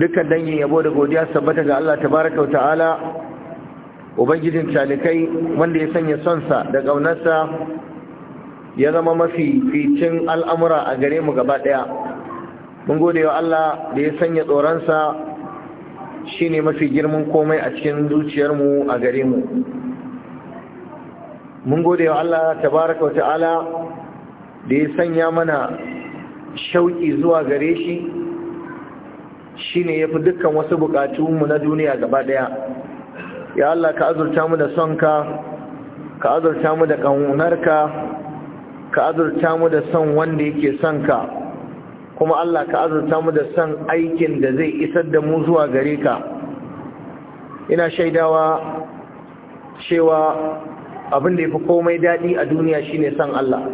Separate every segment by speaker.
Speaker 1: dukkan dangin yabo da godiya sabbata ga Allah tabaraka ta'ala ubangijin talikai wanda ya sanya sonsa da ƙaunarsa ya zama mafi ficin al'amura a gare mu gaba ɗaya mun gode wa Allah da ya sanya tsoronsa shi ne mafi girman komai a cikin zuciyarmu a gare mu mun gode wa Allah tabaraka wa ta'ala da ya sanya mana shauƙi zuwa gare shi shine yafi dukkan wasu bukatunmu na duniya gaba daya ya Allah ka azurta mu da sonka ka azurta mu da ƙaunarka ka azurta mu da son wanda yake son ka kuma Allah ka azurta mu da son aikin da zai isar da mu zuwa gare ka ina shaidawa cewa abin da ya fi komai daɗi a duniya shine son Allah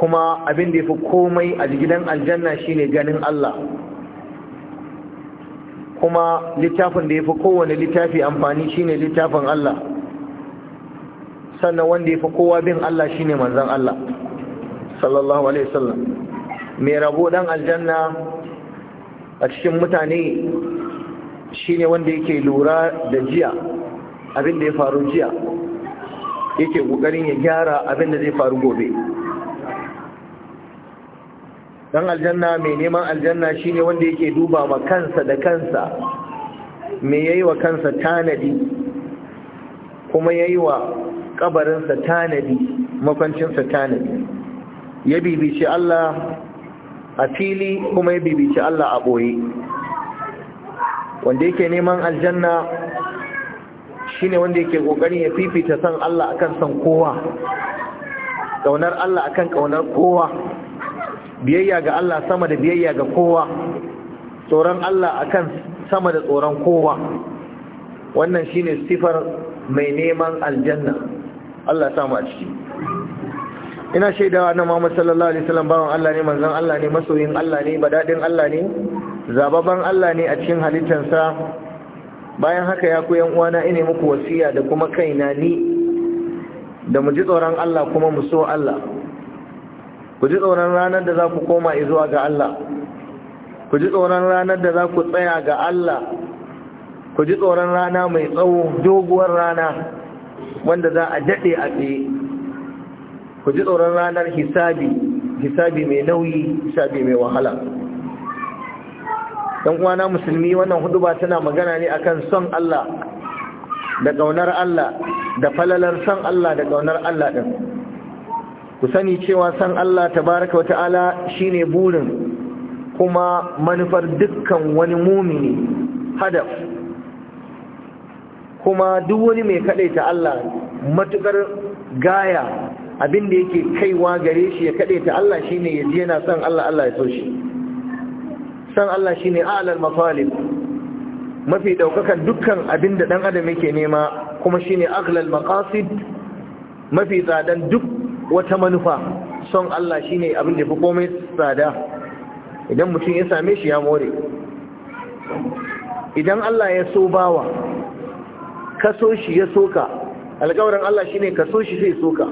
Speaker 1: kuma abin da ya fi komai a gidan aljanna shine ganin Allah kuma littafin da ya fi kowane littafi amfani shine littafin Allah sannan wanda ya fi kowa bin Allah shine manzan Allah sallallahu alaihi wasallam mai rabo dan aljanna a cikin mutane shine wanda yake lura da jiya abin da ya faru jiya yake kokarin ya gyara abin da zai faru gobe dan aljanna mai neman aljanna shine wanda yake duba ma kansa da kansa me yayi wa kansa tanadi kuma yayi wa kabarinsa tanadi makwancinsa tanadi ya bibici Allah a fili kuma ya bibici Allah a boye wanda yake neman aljanna shine wanda yake kokari ya fifita san Allah akan san kowa kaunar Allah akan kaunar kowa biyayya ga Allah sama da biyayya ga kowa tsoron Allah akan sama da tsoron kowa wannan shine sifar mai neman aljanna Allah samu a ciki ina shaidawa na Muhammad sallallahu alaihi wasallam bawan Allah ne manzon Allah ne masoyin Allah ne badadin Allah ne zababban Allah ne a cikin halittansa. bayan haka ya ku yan uwana ina muku wasiya da kuma kaina ni da mu ji tsoron Allah kuma mu so Allah ku ji tsoron ranar da za ku koma izuwa ga Allah ku ji tsoron ranar da za ku tsaya ga Allah ku ji tsoron rana mai tsawo doguwar rana wanda za a daɗe a tsaye ku ji tsoron ranar hisabi hisabi mai nauyi hisabi mai wahala dan kwana musulmi wannan huduba tana magana ne akan son Allah da ƙaunar Allah da falalar son Allah da ƙaunar Allah ɗin ku sani cewa san Allah tabaraka wa ta'ala shine burin kuma manufar dukkan wani mumini hadaf kuma duk wani mai kadaita Allah matukar gaya abinda yake kaiwa gare shi ya kadaita Allah shine yaji yana san Allah Allah ya so shi san Allah shine a'lal mafalib mafi ɗaukakan dukkan abinda ɗan adam yake nema kuma shine aghlal maqasid mafi tsadan duk wata manufa son Allah shi ne abin da fi komai tsada idan mutum ya same shi ya more idan Allah ya so bawa kaso shi ya soka alƙawarin Allah shi ne kaso shi sai soka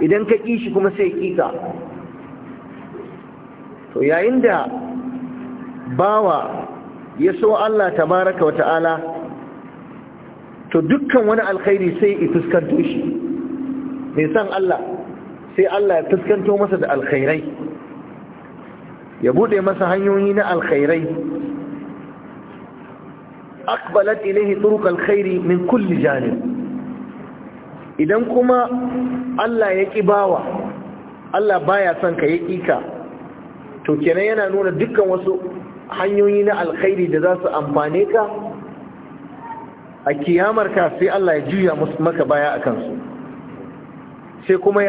Speaker 1: idan ka ƙi shi kuma sai ƙika to yayin da bawa ya so Allah ta tabaraka wata'ala to dukkan wani alkhairi sai i fuskanto shi mai san Allah sai Allah ya fuskanto masa da alkhairai ya bude masa hanyoyi na alkhairai akbalat ilaihi turuq alkhairi min kulli janib idan kuma Allah ya kibawa Allah baya son ka yaki ka to kenan yana nuna dukkan wasu hanyoyi na alkhairi da za su amfane ka a kiyamarka sai Allah ya juya maka baya a kansu sai kuma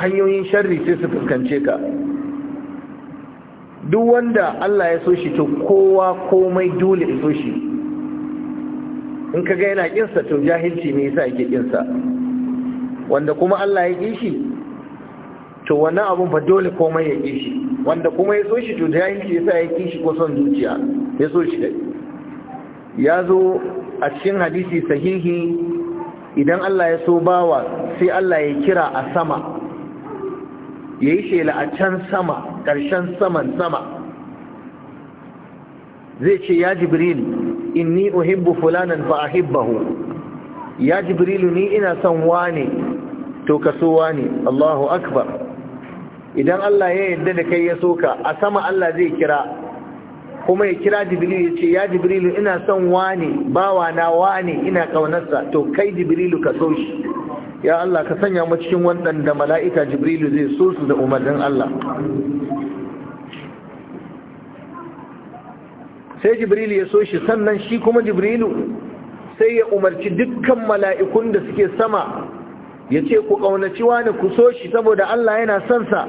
Speaker 1: hanyoyin sharri sai su fuskance ka duk wanda Allah ya so shi to kowa komai dole ya so shi in ka ga yana kinsa to jahilci ne yasa yake kinsa wanda kuma Allah ya kishi to wannan abun ba dole komai ya kishi wanda kuma ya so shi to jahilci yasa ya kishi ko son zuciya ya so shi dai ya zo a cikin hadisi sahihi idan Allah ya so bawa sai Allah ya kira a sama ya yi shela a can sama ƙarshen saman sama zai ce ya jibril inni uhibbu fulanan fa ahibbahu ya jibrilu ni ina son wane to ka so wane Allahu akbar idan Allah ya yarda da kai ya soka a sama Allah zai kira kuma ya kira jibrilu ya ce ya jibrilu ina son wane bawa na wane ina kaunarsa to kai jibrilu ka so shi ya Allah ka sanya mu cikin waɗanda mala'ika jibrilu zai so su da umarnin Allah sai jibrilu ya so shi sannan shi kuma jibrilu sai ya umarci dukkan mala'ikun da suke sama ya ce ku ƙaunaci wani ku so shi saboda Allah yana son sa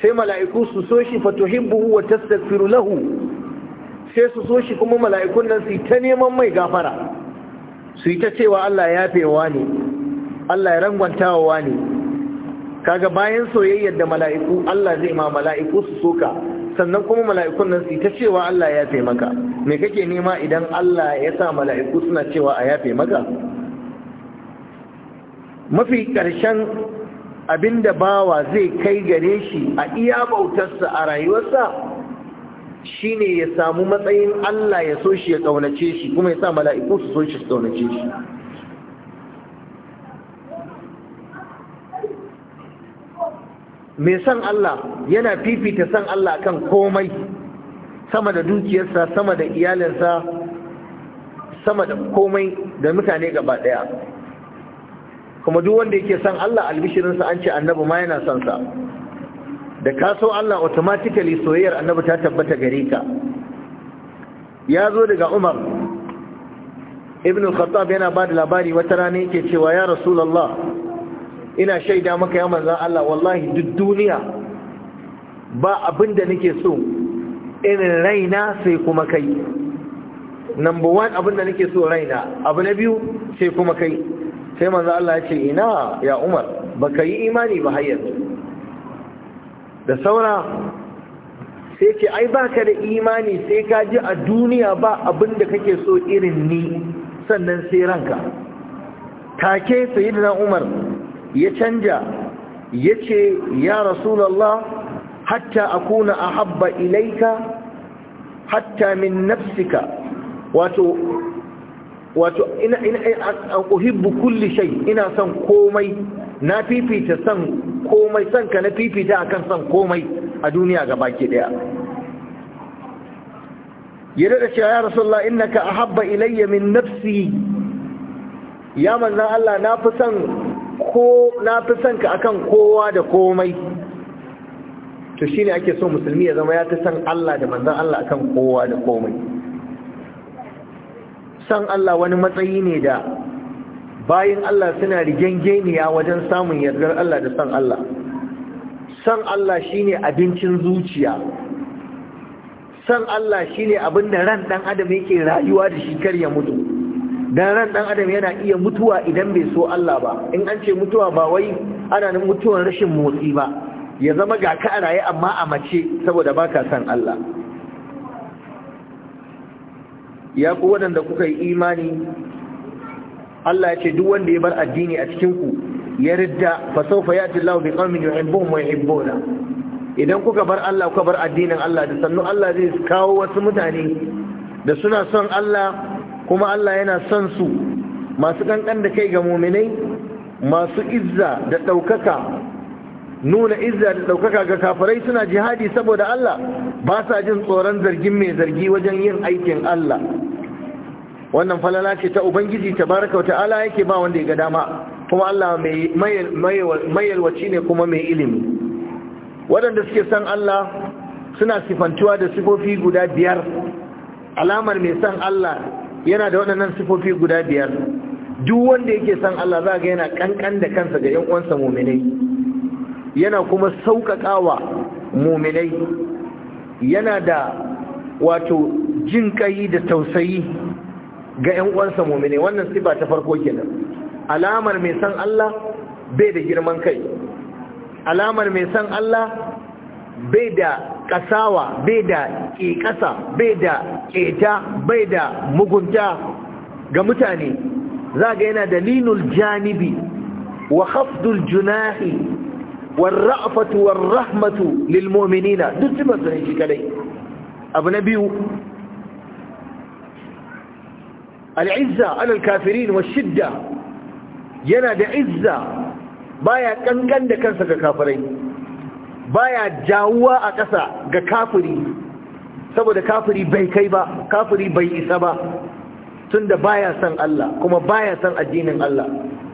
Speaker 1: sai mala'iku su so shi fatuhibbuhu wa tastaghfiru lahu sai su so shi kuma mala'ikun nan su ta neman mai gafara su yi ta cewa Allah ya fewa ne Allah ya rangwantawa ne kaga bayan soyayyar da mala'iku Allah zai ma mala'iku su soka sannan kuma mala'ikun nan su yi ta cewa Allah ya fe maka me kake nema idan Allah ya sa mala'iku suna cewa a yafe maka mafi ƙarshen abinda bawa zai kai gare shi a iya bautarsa a rayuwarsa Shi ne ya samu matsayin Allah ya so shi ya ƙaunace shi kuma ya sa mala'iku su so shi su ƙaunace shi mai san Allah yana fifita san Allah kan komai sama da dukiyarsa sama da iyalinsa sama da komai da mutane gaba ɗaya. kuma duk wanda yake san Allah albishirinsa an ce annabu, ma yana son sa da ka so Allah automatically soyayyar annabi ta tabbata gare ka ya zo daga Umar ibn al-Khattab yana ba da labari wata rana yake cewa ya Rasulullah ina shaida maka ya manzon Allah wallahi duk duniya ba abin da nake so irin raina sai kuma kai number 1 abin da nake so raina abu na biyu sai kuma kai sai manzon Allah ya ce ina ya Umar baka yi imani ba har yanzu da saura sai ce ai baka da imani sai ka ji a duniya ba abin da kake so irin ni sannan sai ranka take sayyidina Umar ya canja yace ya rasulallah, hatta a ahabba ilaika hatta min nafsika wato wato ina ina kulli shai ina son komai na fifita son komai son ka na fifita akan son komai a duniya ga baki daya ya daɗa cewa ya ka a ahabba ilayya min nafsi ya manzan Allah na fi son ka na fi kowa da komai to shi ne ake so musulmi ya zama ya fi son Allah da manzan Allah akan kowa da komai san Allah wani matsayi ne da bayan Allah suna rigengeniya wajen samun yardar Allah da san Allah san Allah shine abincin zuciya san Allah shine abin da ran dan adam yake rayuwa da shi kar ya mutu dan ran dan adam yana iya mutuwa idan bai so Allah ba in an ce mutuwa ba wai ana nan mutuwar rashin motsi ba ya zama ga ka a raye amma a mace saboda baka san Allah ya ku waɗanda kuka yi imani Allah ya ce duk wanda ya bar addini a cikin ku ya ridda fa sawfa ya'ti Allahu bi qaumin yuhibbuhum wa yuhibbuna idan kuka bar Allah kuka bar addinin Allah da sannu Allah zai kawo wasu mutane da suna son Allah kuma Allah yana son su masu kankan da kai ga muminai masu izza da ɗaukaka nuna izza da ɗaukaka ga kafirai suna jihadi saboda Allah ba sa jin tsoron zargin mai zargi wajen yin aikin Allah wannan falala ce ta ubangiji tabaraka wata ala yake ba wanda ya ga dama kuma Allah mai yalwaci ne kuma mai ilimi waɗanda suke san Allah suna sifantuwa da sifofi guda biyar alamar mai san Allah yana da waɗannan sifofi guda biyar duk wanda yake san Allah za ga yana ƙanƙan da kansa ga 'yan uwansa muminai yana kuma sauƙaƙa wa muminai yana da wato jin kai da tausayi ga ‘yan uwansa momine wannan siba ta farko kenan alamar mai san Allah bai da girman kai alamar mai san Allah bai da kasawa bai da ƙiƙasa bai da ƙeta bai da mugunta ga mutane za ga yana da janibi wa hafdul junahi wa ra'afatu rahmatu lil na duk sifar ne shi kadai abu na biyu al'izza alal kafirin wa shidda yana da izza baya kankan da kansa ga kafirai baya jawuwa a ƙasa ga kafiri saboda kafiri bai kai ba kafiri bai isa ba tun tunda baya san Allah kuma baya san addinin Allah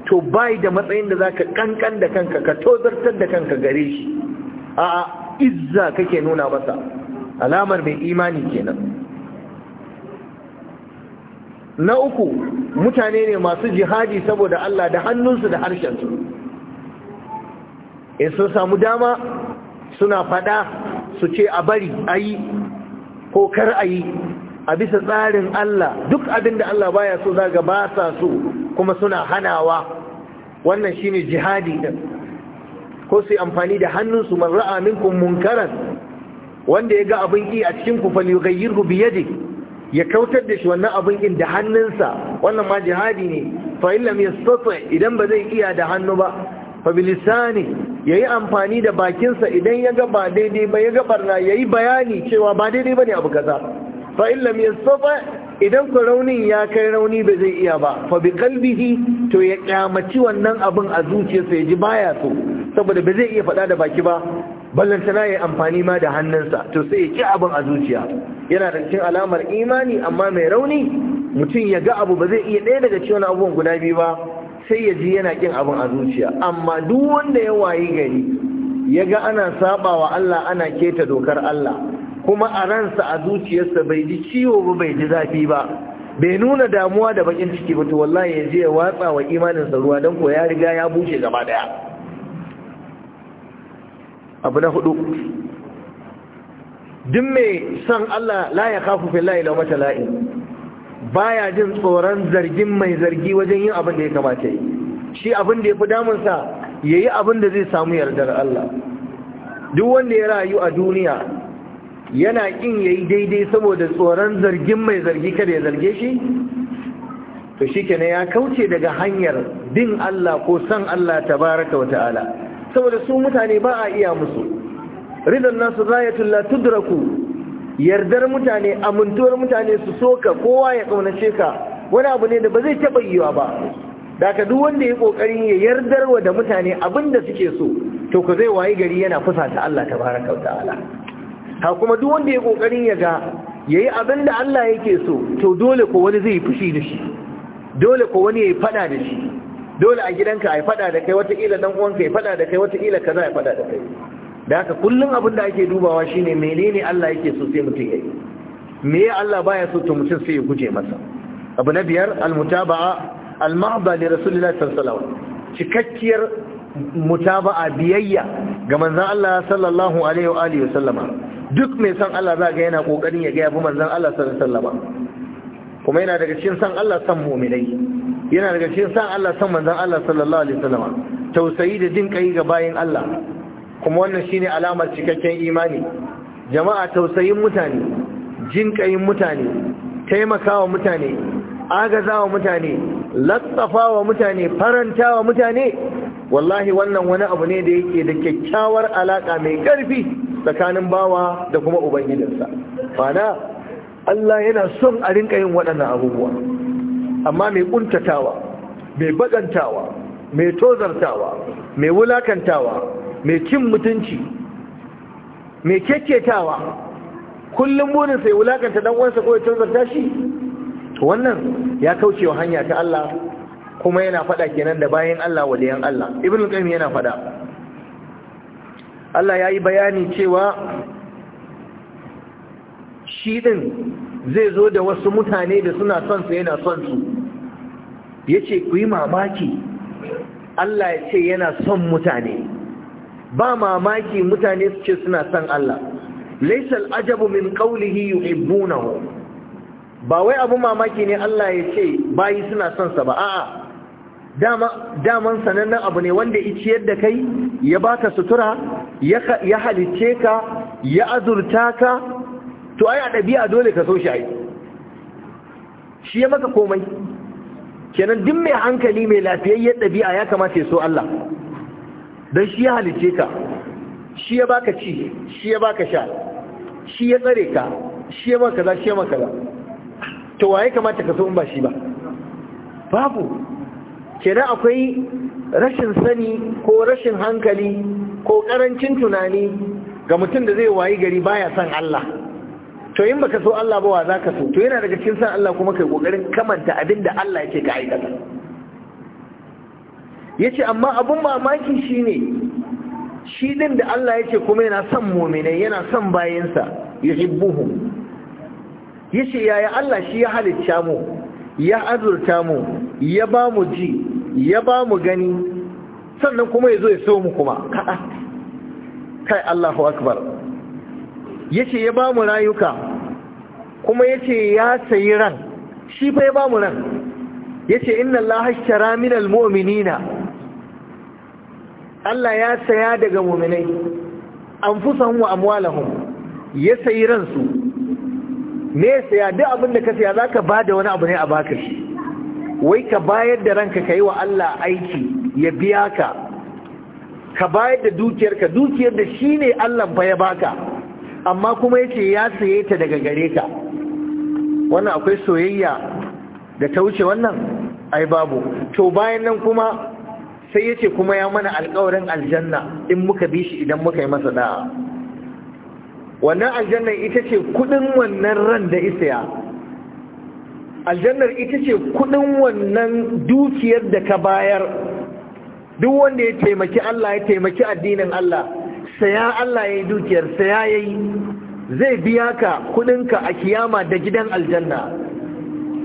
Speaker 1: to bai da matsayin da zaka kankan da kanka ka tozartar da kanka gare shi a izza kake nuna masa alamar mai imani kenan na uku mutane ne masu jihadi saboda Allah da hannunsu da harshensu in sun samu dama suna fada su ce a bari a yi ko kar a yi a bisa tsarin Allah duk abin da Allah baya so zaga ba sa so kuma suna hanawa wannan shine jihadi din ko su amfani da hannunsu man ra'a minkum munkaran wanda ya ga abin ki a cikin ku falyughayyirhu bi ya kautar da shi wannan abin in da hannunsa wannan ma jihadi ne fa illam yastati idan ba zai iya da hannu ba fa bilisani yayi amfani da bakinsa idan ya ga daidai ba ya ga barna yayi bayani cewa ba daidai bane abu kaza fa illam yastati idan ku raunin ya kai rauni ba zai iya ba fa bi kalbihi to ya kyamaci wannan abin a zuciyarsa ya ji baya so saboda ba zai iya faɗa da baki ba ballantana ya amfani ma da hannunsa to sai ya ci abin a zuciya yana da cikin alamar imani amma mai rauni mutum ya ga abu ba zai iya ɗaya daga cikin abubuwan guda biyu ba sai ya ji yana kin abin a zuciya amma duk wanda ya wayi gari ya ga ana saba wa Allah ana keta dokar Allah kuma a ransa a zuciyarsa bai ji ciwo ba bai ji zafi ba bai nuna damuwa da bakin ciki ba to wallahi ya je ya watsa wa imaninsa ruwa don ko ya riga ya bushe gaba daya abu na hudu duk mai son Allah la ya kafu fi la'i lau mata la'i baya jin tsoron zargin mai zargi wajen yin abin da ya kamata yi shi abin da ya fi damunsa ya yi abin da zai samu yardar Allah duk wanda ya rayu a duniya yana ƙin ya yi daidai saboda tsoron zargin mai zargi kada ya zarge shi to shi ya kauce daga hanyar din Allah ko son Allah tabaraka wa ta'ala saboda su mutane ba a iya musu ridan nasu zayatul la tudraku yardar mutane amintuwar mutane su soka kowa ya kaunace ka wani abu ne da ba zai taba yiwa ba da ka duk wanda ya kokarin ya yardarwa da mutane abinda suke so to ka zai wayi gari yana fusata Allah tabaraka wa ta'ala ha kuma duk wanda ya kokarin ya ga yayi abin da Allah yake so to dole ko wani zai fushi da shi dole ko wani ya fada da shi dole a gidanka ai fada da kai wataƙila dan uwanka ya fada da kai wataƙila kaza ya fada da kai da haka kullum abin da ake dubawa shine menene Allah yake so sai mutum yayi me ya Allah baya so to mutum sai ya guje masa abu na biyar almutaba'a almahda li rasulillahi sallallahu alaihi wasallam cikakkiyar mutaba'a biyayya ga manzon Allah sallallahu alaihi wa alihi wasallama duk mai san Allah za ga yana kokarin ya ga yabi manzon Allah sallallahu alaihi wasallama kuma yana daga cikin san Allah san mu'minai yana daga cikin san Allah san manzon Allah sallallahu alaihi wasallam tausayi da jin kai ga bayin Allah kuma wannan shine alamar cikakken imani jama'a tausayin mutane jin kai mutane taimakawa mutane agazawa mutane latsafawa mutane farantawa mutane wallahi wannan wani abu ne da yake da kyakkyawar alaka mai karfi tsakanin bawa da kuma ubangijinsa Bana Allah yana son a rinka yin waɗannan abubuwa amma mai ƙuntatawa, mai bagantawa mai tozartawa mai wulakantawa mai cin mutunci mai kekketawa kullum wurin sai wulakanta dan uwansa ko ya tozarta shi wannan ya kauce wa hanya ta Allah kuma yana fada kenan da bayan Allah waliyan Allah ibnu qayyim yana fada Allah ya yi bayani cewa shi ɗin zai zo da wasu mutane da suna son su yana son su ya ce ku yi mamaki Allah ya ce yana son mutane ba mamaki mutane su ce suna son Allah laisal ajabu min qawlihi yuhibbunahu ba wai abu mamaki ne Allah ya ce bayi suna son sa ba a'a dama daman sanannen abu ne wanda iciyar yadda kai ya baka sutura ya halicce ka ya azurta ka to ai a ɗabi'a dole ka so shi ai shi ya maka komai kenan duk mai hankali mai lafiyayyen ɗabi'a ya kamata ya so Allah don shi ya halice ka shi ya baka ci shi ya baka sha shi ya tsare ka shi ya maka za shi ya maka za to waye kamata ka so in ba shi ba babu kenan akwai rashin sani ko rashin hankali ko karancin tunani ga mutum da zai wayi gari baya son Allah to in baka so Allah ba wa za ka so to yana daga cikin san Allah kuma kai kokarin kamanta abin da Allah yake ka aikata yace amma abun mamaki shine shi din da Allah yake kuma yana son mu'minai yana son bayinsa yuhibbuhum yace yaya Allah shi ya halitta mu ya azurta mu ya ba mu ji ya ba mu gani sannan kuma yazo ya so mu kuma kai Allahu akbar Ya ce ya ba mu rayuka kuma ya ce ya sayi ran shi fa ya ba mu ran ce, inna allaha ashtara min Allah ya saya daga mu'minai An anfusahum wa amwalahum ya sayi ransu ne saya duk abin da ka saya Za ka ba da wani abu ne a baka shi wai ka bayar da ranka ka yi wa Allah aiki ya biya ka ka bayar da dukiyarka dukiyar da shi ne Allah fa ya baka amma kuma yace ya saye ta daga gare ta wannan akwai soyayya da ta wuce wannan ai babu to bayan nan kuma sai yace kuma ya mana alƙawarin aljanna in muka bi shi idan muka yi masa da'a wannan aljanna ita ce kudin wannan ran da isaya aljannar ita ce kudin wannan dukiyar da ka bayar duk wanda ya taimaki Allah ya taimaki addinin Allah saya Allah ya yi dukiyar saya ya yi zai biya ka kudinka a kiyama da gidan aljanna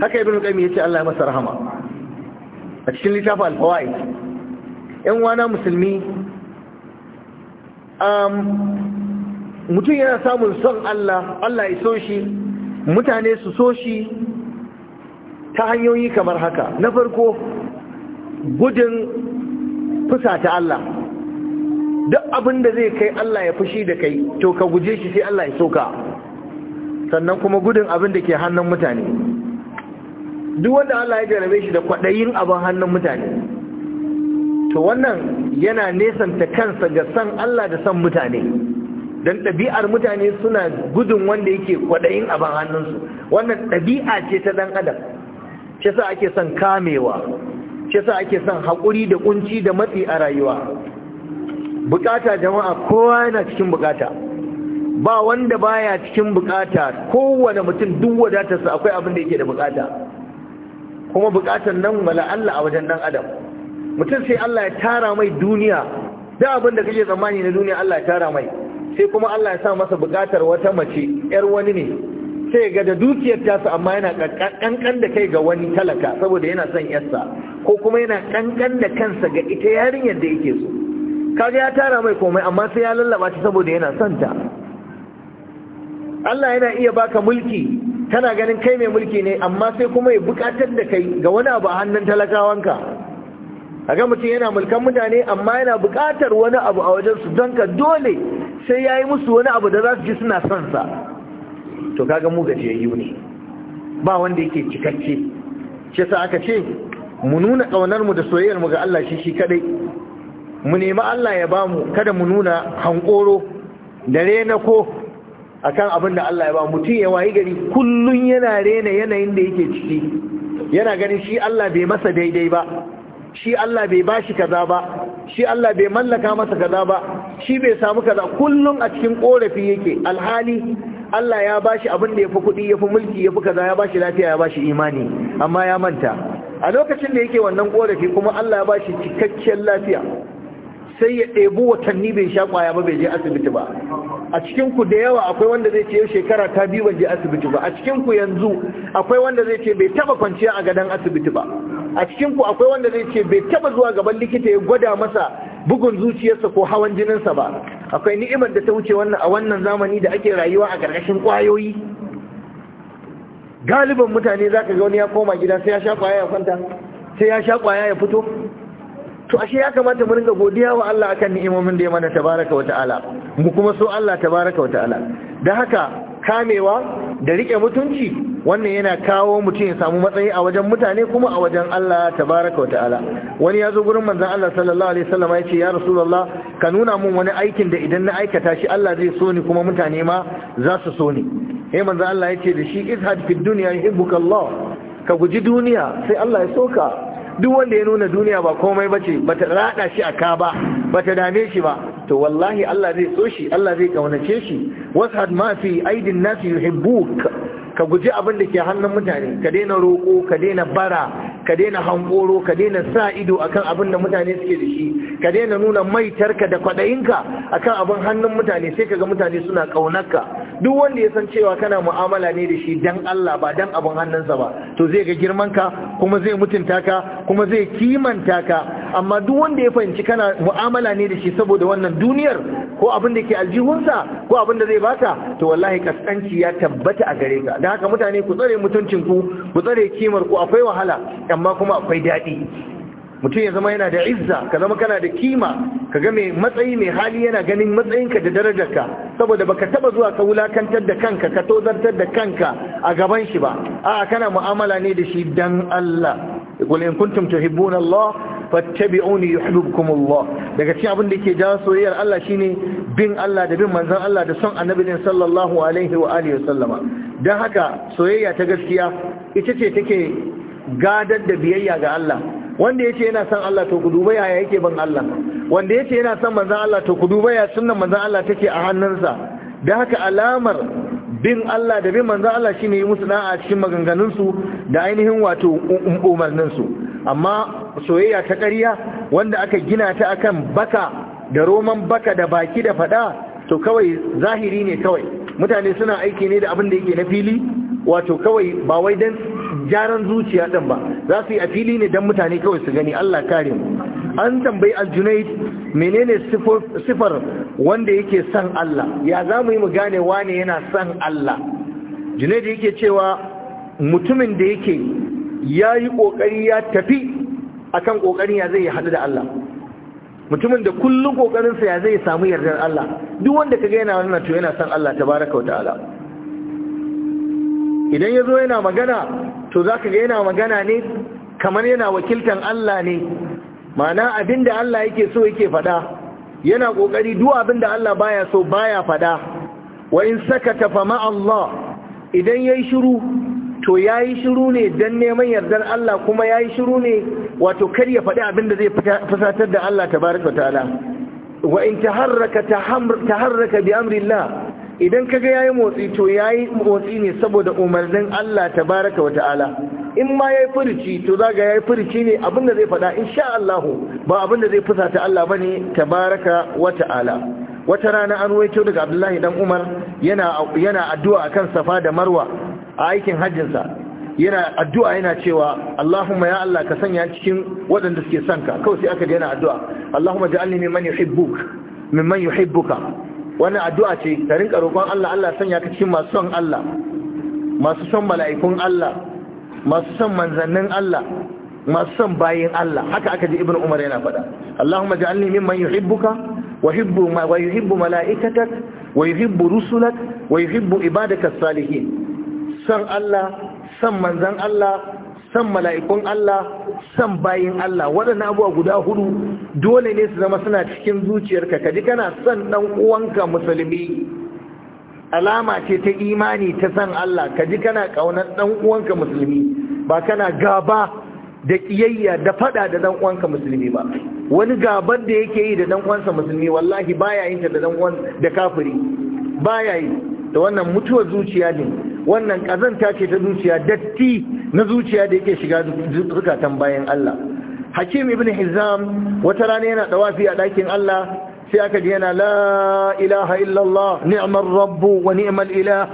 Speaker 1: haka ibn ya ce Allah ya masa rahama a cikin littafin alfawai Yan wana musulmi um, mutum yana samun son Allah Allah ya so shi mutane su so shi ta hanyoyi kamar haka na farko gudun ta Allah duk abin da zai kai Allah ya fushi da kai to ka guje shi sai Allah ya soka sannan kuma gudun abin da ke hannun mutane duk wanda Allah ya jarabe shi da kwaɗayin abin hannun mutane to wannan yana nesanta kansa ga san Allah da san mutane don ɗabi'ar mutane suna gudun wanda yake kwaɗayin abin hannunsu wannan ɗabi'a ce ta dan adam ce sa ake son kamewa ce sa ake son haƙuri da ƙunci da matsi a rayuwa bukata jama'a kowa yana cikin bukata ba wanda baya cikin bukata kowane mutum duk wadatarsa akwai abin da yake da bukata kuma bukatar nan mala Allah a wajen dan adam mutum sai Allah ya tara mai duniya da abin da kake tsammani na duniya Allah ya tara mai sai kuma Allah ya sa masa bukatar wata mace yar wani ne sai ga da dukiyar tasa amma yana kankan da kai ga wani talaka saboda yana son yarsa ko kuma yana kankan da kansa ga ita yarinyar da yake so kaga ya tara mai komai amma sai ya lallaba ta saboda yana son ta Allah yana iya baka mulki kana ganin kai mai mulki ne amma sai kuma ya bukatar da kai ga wani abu a hannun talakawanka kaga mutum yana mulkan mutane amma yana bukatar wani abu a wajen su don ka dole sai yayi musu wani abu da za su ji suna son sa to kaga mu gajiyayyu ne ba wanda yake cikakke shi yasa aka ce mu nuna kaunar mu da soyayyar mu ga Allah shi shi kadai mu nemi Allah ya bamu kada mu nuna hankoro da rena ko kan abin da Allah ya ba mutum ya wayi gari Kullum yana rena yanayin da yake ciki yana ganin shi Allah bai masa daidai ba shi Allah bai ba shi kaza ba shi Allah bai mallaka masa kaza ba shi bai samu kaza Kullum a cikin korafi yake alhali Allah ya ba shi abin da ya kudi kuɗi fi mulki ya fi kaza ya ba shi lafiya ya ba shi imani amma ya manta a lokacin da yake wannan korafi kuma Allah ya ba shi cikakken lafiya sai ya ɗebo watanni bai sha ƙwaya ba bai je asibiti ba a cikin da yawa akwai wanda zai ce yau shekara ta biyu ban je asibiti ba a cikin yanzu akwai wanda zai ce bai taba kwanciya a gadon asibiti ba a cikin ku akwai wanda zai ce bai taba zuwa gaban likita ya gwada masa bugun zuciyarsa ko hawan jininsa ba akwai ni'imar da ta wuce wannan a wannan zamani da ake rayuwa a ƙarƙashin ƙwayoyi galibin mutane zaka ga wani ya koma gida sai ya sha ƙwaya ya kwanta sai ya sha ƙwaya ya fito to ashe ya kamata mu ringa godiya wa Allah akan ni'imomin da ya mana tabaraka wa ta'ala mu kuma so Allah tabaraka wa ta'ala da haka kamewa da rike mutunci wannan yana kawo mutum ya samu matsayi a wajen mutane kuma a wajen Allah tabaraka wa ta'ala wani ya zo gurin manzon Allah sallallahu alaihi wasallam ya ce ya rasulullah ka nuna mun wani aikin da idan na aikata shi Allah zai so ni kuma mutane ma za su so ni eh manzon Allah ya ce da shi izhad fid dunya yuhibbuka Allah ka guji duniya sai Allah ya soka duk wanda ya nuna duniya ba komai bace bata rada shi a ka ba bata dame shi ba to wallahi Allah zai so shi Allah zai kaunace shi washad ma fi aidin nasi yuhibbuk ka guji abin da ke hannun mutane ka daina roko ka daina bara ka daina hankoro ka daina sa ido akan abin da mutane suke da shi ka daina nuna maitarka da kwadayinka akan abin hannun mutane sai kaga mutane suna kaunarka duk wanda ya san cewa kana mu'amala ne da shi dan Allah ba dan abun hannunsa ba to zai ga girman ka kuma zai mutunta ka kuma zai kimanta ka amma duk wanda ya fahimci kana mu'amala ne da shi saboda wannan duniyar ko abin da ke aljihunsa ko abin da zai baka to wallahi kaskanci ya tabbata a gare ka dan haka mutane ku tsare mutuncinku, ku ku tsare kimar ku akwai wahala amma kuma akwai daɗi mutum ya zama yana da izza ka zama kana da kima ka ga mai matsayi mai hali yana ganin matsayinka da darajarka saboda baka taba zuwa ka wulakantar da kanka ka tozartar da kanka a gaban shi ba a kana mu'amala ne da shi dan Allah qul in kuntum tuhibbuna Allah fattabi'uni yuhibbukum Allah daga cikin abin da yake jawo soyayyar Allah shine bin Allah da bin manzon Allah da son annabi sallallahu alaihi wa alihi wasallama dan haka soyayya ta gaskiya ita ce take gadar da biyayya ga Allah wanda ya ce yana son Allah to ku duba yaya yake ban Allah wanda ya ce yana son manzan Allah to ku duba ya sunnan manzan Allah take a hannunsa da haka alamar bin Allah da bin manzan Allah shine yi musu da'a cikin maganganunsu da ainihin wato umarninsu. amma soyayya ta ƙarya wanda aka gina ta akan baka da roman baka da baki da fada to kawai zahiri ne kawai mutane suna aiki ne da abin da yake na fili wato kawai ba wai dan gyaran zuciya din ba za su yi a fili ne don mutane kawai su gani Allah kare mu an tambayi aljunaid menene sifar wanda yake son Allah ya za mu yi mu gane wane yana son Allah junaid yake cewa mutumin da yake ya yi ƙoƙari ya tafi akan ƙoƙarin ya zai haɗu da Allah mutumin da kullum ƙoƙarinsa ya zai samu yardar Allah duk wanda ka yana wannan to yana son Allah tabaraka wa ta'ala idan ya zo yana magana to za ka ga yana magana ne kamar yana wakiltan Allah ne mana abin da Allah yake so yake faɗa yana ƙoƙari duk abin da Allah baya so baya faɗa wa in saka fa ma Allah idan yayi shiru to yayi shiru ne dan neman yardar Allah kuma yayi shiru ne wato kar ya faɗi abin da zai fasatar da Allah tabaraka ta'ala wa in taharraka taharraka bi amrillah idan kaga yayi motsi to yayi motsi ne saboda umarnin Allah tabaraka wa ta'ala in ma yayi furuci to zaga yayi furuci ne abinda zai fada insha Allah ba abinda zai fusata Allah bane tabaraka wa ta'ala wata rana an waito daga Abdullahi dan Umar yana yana addu'a kan Safa da Marwa a aikin hajjinsa yana addu'a yana cewa Allahumma ya Allah ka sanya cikin waɗanda suke son ka kawai sai aka ga yana addu'a Allahumma ja'alni mimman yuhibbuk mimman yuhibbuka wannan addu'a ce ka rinka roƙon Allah Allah sanya ka cikin masu son Allah masu son mala'ikun Allah masu son manzannin Allah masu son bayin Allah haka aka ji ibn Umar yana faɗa Allahumma ja'alni mimman yuhibbuka wa yuhibbu wa yuhibbu mala'ikatak wa yuhibbu rusulak wa yuhibbu ibadaka salihin san Allah san manzan Allah san mala'ikun Allah san bayin Allah waɗannan abubuwa guda hudu dole ne su zama suna cikin zuciyarka ka ji kana son dan uwanka musulmi alama ce ta imani ta san Allah ka ji kana kaunar dan uwanka musulmi ba kana gaba da kiyayya da fada da dan uwanka musulmi ba wani gaban da yake yi da dan uwansa musulmi wallahi baya yin ta da dan uwan da kafiri baya yi da wannan mutuwar zuciya ne wannan kazanta ce ta zuciya datti na zuciya da yake shiga zukatan bayan Allah hakim ibn hizam wata rana yana dawafi a ɗakin Allah sai aka ji yana la ilaha illallah ni'mar rabbu wa ni'mal ilah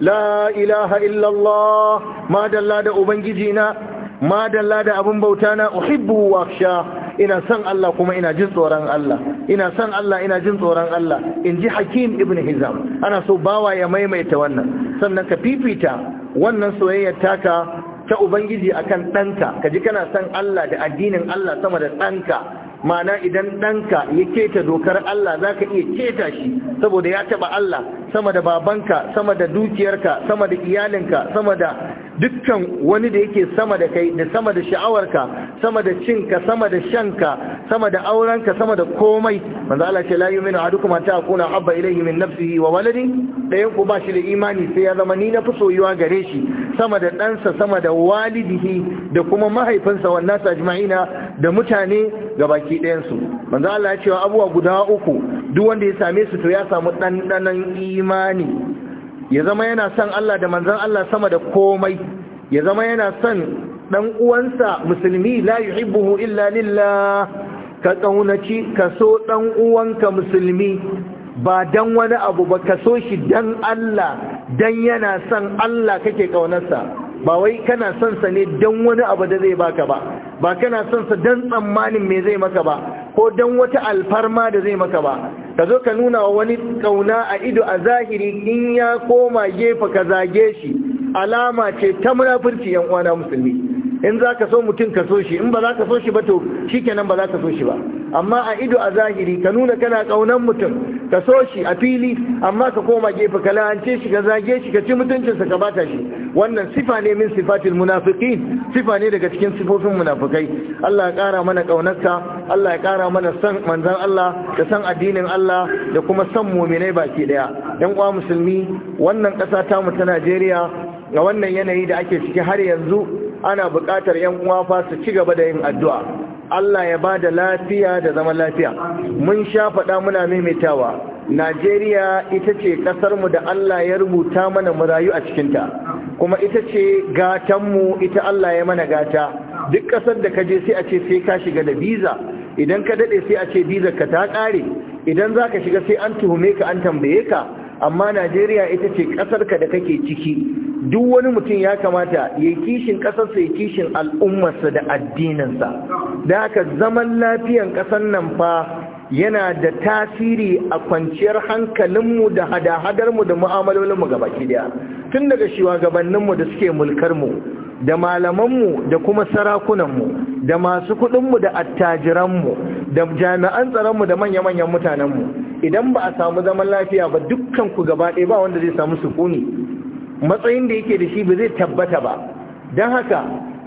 Speaker 1: la ilaha illallah ma dalla da ubangiji na ma dalla da abun bauta na uhibbu wa ina son Allah kuma ina jin tsoron Allah ina son Allah ina jin tsoron Allah in ji hakim ibn hizam ana so bawa ya maimaita wannan sannan ka fifita wannan soyayyar taka ta ubangiji akan ɗanka ka ji kana san Allah da addinin Allah sama da ɗanka mana idan ɗanka ya keta dokar Allah za ka iya keta shi saboda ya taɓa Allah sama da babanka sama da dukiyarka sama da iyalinka sama da dukkan wani da yake sama da kai da sama da sha'awarka sama da cinka sama da shanka sama da aurenka sama da komai manzo Allah ce la yu'minu ahadukum hatta akuna habba ilayhi min nafsihi wa waladi dayan ku ba shi da imani sai ya zama ni na fi soyuwa gare shi sama da ɗansa sama da walidihi da kuma mahaifinsa wannan sajma'ina da mutane ga gabaki ɗayansu manzo Allah ya ce abubuwa guda uku duk wanda ya same su to ya samu ɗanɗanon imani ya zama yana son Allah da manzan Allah sama da komai ya zama yana son ɗan uwansa musulmi la yuhibbuhu illa lillah ka tsaunaci ka so ɗan uwanka musulmi ba don wani abu ba ka so shi don Allah don yana son Allah kake ƙaunarsa. ba wai kana son sa ne don wani abu da zai baka ba ba kana son sa dan tsammanin me zai maka ba ko don wata alfarma da zai maka ba ka zo ka nuna wa wani kauna a ido a zahiri in ya koma gefe ka zage shi alama ce ta munafurci yan uwana musulmi in za ka so mutum ka so shi in ba za ka so shi ba to shikenan ba za ka so shi ba amma a ido a zahiri ka nuna kana kaunan mutum ka so shi a fili amma ka koma gefe ka la'ance shi ka zage shi ka ci mutuncinsa ka bata shi wannan sifa ne min sifatil munafiqin sifa ne daga cikin sifofin munafikai Allah ya kara mana kaunarsa Allah ya kara mana san manzon Allah da san addinin Allah da kuma san mu'minai baki daya dan uwa musulmi wannan kasa ta mu ta Najeriya ga wannan yanayi da ake ciki har yanzu ana buƙatar yan uwa fa su ci gaba da yin addu'a Allah ya ba da lafiya da zaman lafiya mun sha faɗa muna maimaitawa Najeriya ita ce ƙasarmu da Allah ya rubuta mana murayu rayu a cikinta kuma ita ce gatanmu ita Allah ya mana gata duk ƙasar da ka je sai a ce sai ka shiga da biza idan ka daɗe sai a ce biza ka ta ƙare idan za ka shiga sai an tuhume ka an tambaye ka amma najeriya ita ce ƙasarka da kake ciki duk wani mutum ya kamata ya yi kishin ƙasarsa ya kishin al'ummarsa da addininsa da haka zaman lafiyan ƙasar nan fa yana da tasiri a kwanciyar hankalinmu da hada-hadarmu da mu'amalolinmu ga baki daya tun daga shugabanninmu da suke mulkarmu da malamanmu da kuma sarakunanmu da masu kuɗinmu da attajiranmu da jami'an tsaronmu da manya-manyan mutanenmu idan ba a samu zaman lafiya ba dukkan ku gaba ɗaya ba wanda zai samu sukuni matsayin da yake da shi ba zai tabbata ba don haka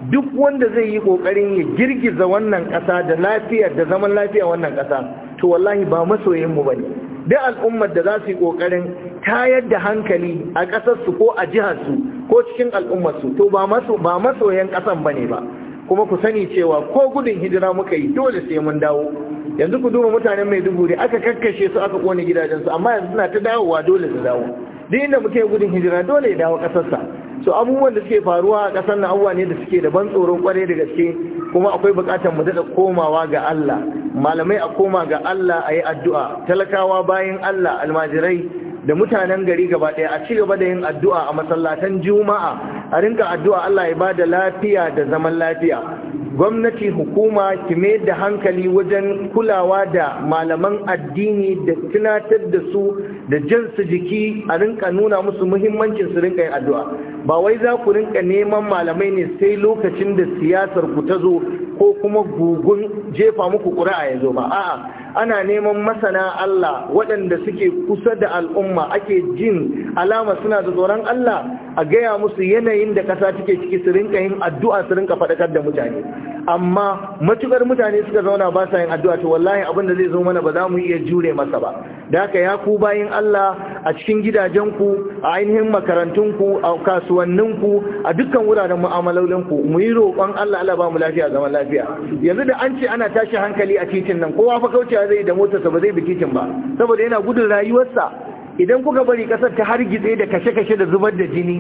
Speaker 1: duk wanda zai yi kokarin ya girgiza wannan kasa da lafiya da zaman lafiya wannan kasa to wallahi ba masoyin mu bane duk al'ummar da za su yi kokarin tayar da hankali a kasar su ko a jihar su ko cikin al'ummar su to ba maso ba masoyan kasan bane ba kuma ku sani cewa ko gudun hijira muka yi dole sai mun dawo yanzu ku duba mutanen Maiduguri aka kakkashe su aka kone gidajen su amma yanzu suna ta dawowa dole su dawo duk inda muke gudun hijira dole ya dawo ƙasarsa so abubuwan da suke faruwa a ƙasar na abubuwa ne da suke da ban tsoron kware da gaske kuma akwai buƙatar mu daɗa komawa ga Allah malamai a koma ga Allah a yi addu'a talakawa bayan Allah almajirai da mutanen gari gaba ɗaya a ci gaba da yin addu'a a masallatan juma'a a rinka addu'a Allah ya ba da lafiya da zaman lafiya gwamnati hukuma ki mai da hankali wajen kulawa da malaman addini da tunatar da su da jinsu jiki a rinka nuna musu muhimmancin su rinka yin addu'a ba wai za ku rinka neman malamai ne sai lokacin da siyasar ku ta zo ko kuma gugun jefa muku ƙuri'a ya zo ba a'a ana neman masana Allah waɗanda suke kusa da al'umma ake jin alama suna da tsoron Allah a gaya musu yanayin da ƙasa take ciki su rinka yin addu'a su rinka faɗakar da mutane amma matuƙar mutane suka zauna ba sa yin addu'a to wallahi abin da zai zo mana ba za mu iya jure masa ba da haka ya ku bayin Allah a cikin gidajenku a ainihin makarantunku a kasuwanninku a dukkan wuraren mu'amalolinku mu yi roƙon Allah Allah ba mu lafiya zaman lafiya yanzu da an ce ana tashi hankali a titin nan kowa fa kaucewa zai da motarsa ba zai bi titin ba saboda yana gudun rayuwarsa idan kuka bari kasar ta hargitse da kashe-kashe da zubar da jini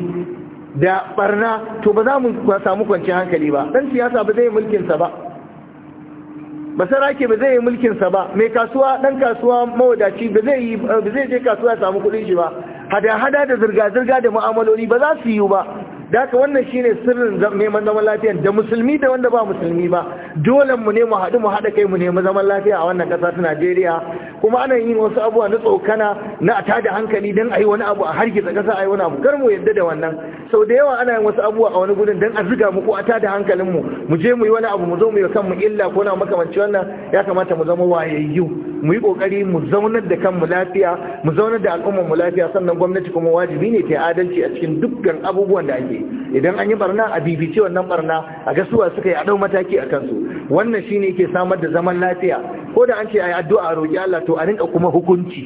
Speaker 1: da barna to ba za mu samu kwanciyar hankali ba dan siyasa ba zai mulkin sa ba Masaraki ba zai yi mulkin sa ba mai kasuwa dan kasuwa mawadaci ba zai yi, zai je kasuwa ya samu kuɗin shi ba hada-hada da zirga-zirga da mu'amaloli ba za su yi ba da haka wannan shine sirrin neman zaman lafiya da musulmi da wanda ba musulmi ba dole mu ne mu haɗu mu haɗa kai mu nemi zaman lafiya a wannan ƙasa ta Najeriya kuma ana yin wasu abubuwa na tsokana na a tada hankali don a yi wani abu a hargitsa ƙasa a yi wani abu kar mu yadda da wannan sau da yawa ana yin wasu abubuwa a wani gudun don a ziga mu ko a tada hankalin mu mu je mu yi wani abu mu zo mu yi kanmu illa ko na makamanci wannan ya kamata mu zama wayayyu mu yi kokari mu zaunar da kanmu lafiya mu zaunar da al'ummar mu lafiya sannan gwamnati kuma wajibi ne ta adalci a cikin dukkan abubuwan da ake idan an yi barna a bibice wannan barna a ga suwa suka yi a dau mataki a kansu wannan shine yake samar da zaman lafiya ko da an ce ayi addu'a roki Allah to a rinka kuma hukunci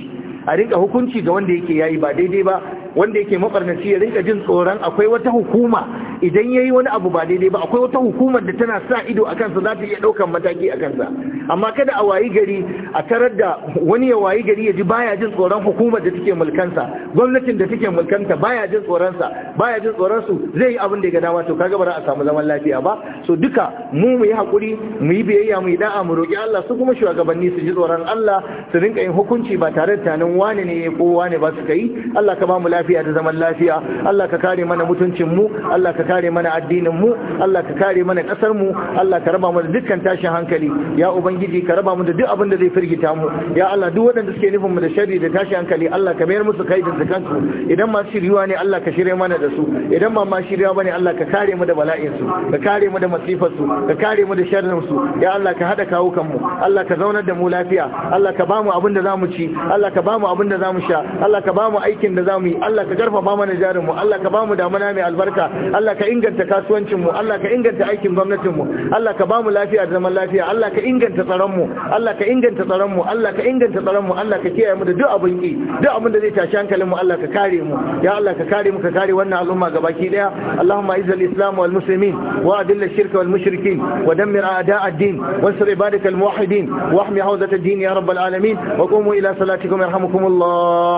Speaker 1: a rinka hukunci ga wanda yake yayi ba daidai ba wanda yake mafarnaci ya rinka jin tsoron akwai wata hukuma idan ya yi wani abu ba daidai ba akwai wata hukumar da tana sa ido a kansa za ta iya ɗaukar mataki a kansa amma kada a wayi gari a tarar da wani ya wayi gari ya ji baya jin tsoron hukumar da take mulkansa gwamnatin da take mulkanta baya jin tsoron sa baya jin tsoron su zai yi abin da ga dama to kaga ba za a samu zaman lafiya ba so duka mu mu yi hakuri mu yi biyayya mu yi da'a mu roki Allah su kuma shugabanni su ji tsoron Allah su rinka yin hukunci ba tare da tanin wane ne ko wane ba su kai Allah ka ba mu lafiya lafiya da zaman lafiya Allah ka kare mana mutuncin mu Allah ka kare mana addinin mu Allah ka kare mana kasar mu Allah ka raba mu da dukkan tashin hankali ya ubangiji ka raba mu da duk abin da zai firgita mu ya Allah duk waɗanda suke nufin mu da sharri da tashin hankali Allah ka mayar musu kai da su idan ma shiriwa ne Allah ka shirye mana da su idan ma ma shirya bane Allah ka kare mu da bala'in su ka kare mu da masifar su ka kare mu da sharrin su ya Allah ka hada kawo kanmu Allah ka zaunar da mu lafiya Allah ka bamu abin da zamu ci Allah ka bamu abin da zamu sha Allah ka bamu aikin da zamu yi Allah ka karfafa mana jarin mu Allah ka bamu damuna mai albarka Allah ka inganta kasuwancin mu Allah ka inganta aikin gwamnatin mu Allah ka bamu lafiya da zaman lafiya Allah ka inganta tsaron mu Allah ka inganta tsaron mu Allah ka inganta tsaron mu Allah ka kiyaye mu da duk abin ki duk abin da zai tashi hankalin mu Allah ka kare mu ya Allah ka kare mu ka kare wannan al'umma gabaki daya Allahumma izz al-islam wal muslimin wa adill ash-shirk wal mushrikin wa dammir a'da' ad-din wansur ibadak al-muwahhidin واحمي حوزة الدين يا رب العالمين وقوموا إلى صلاتكم يرحمكم الله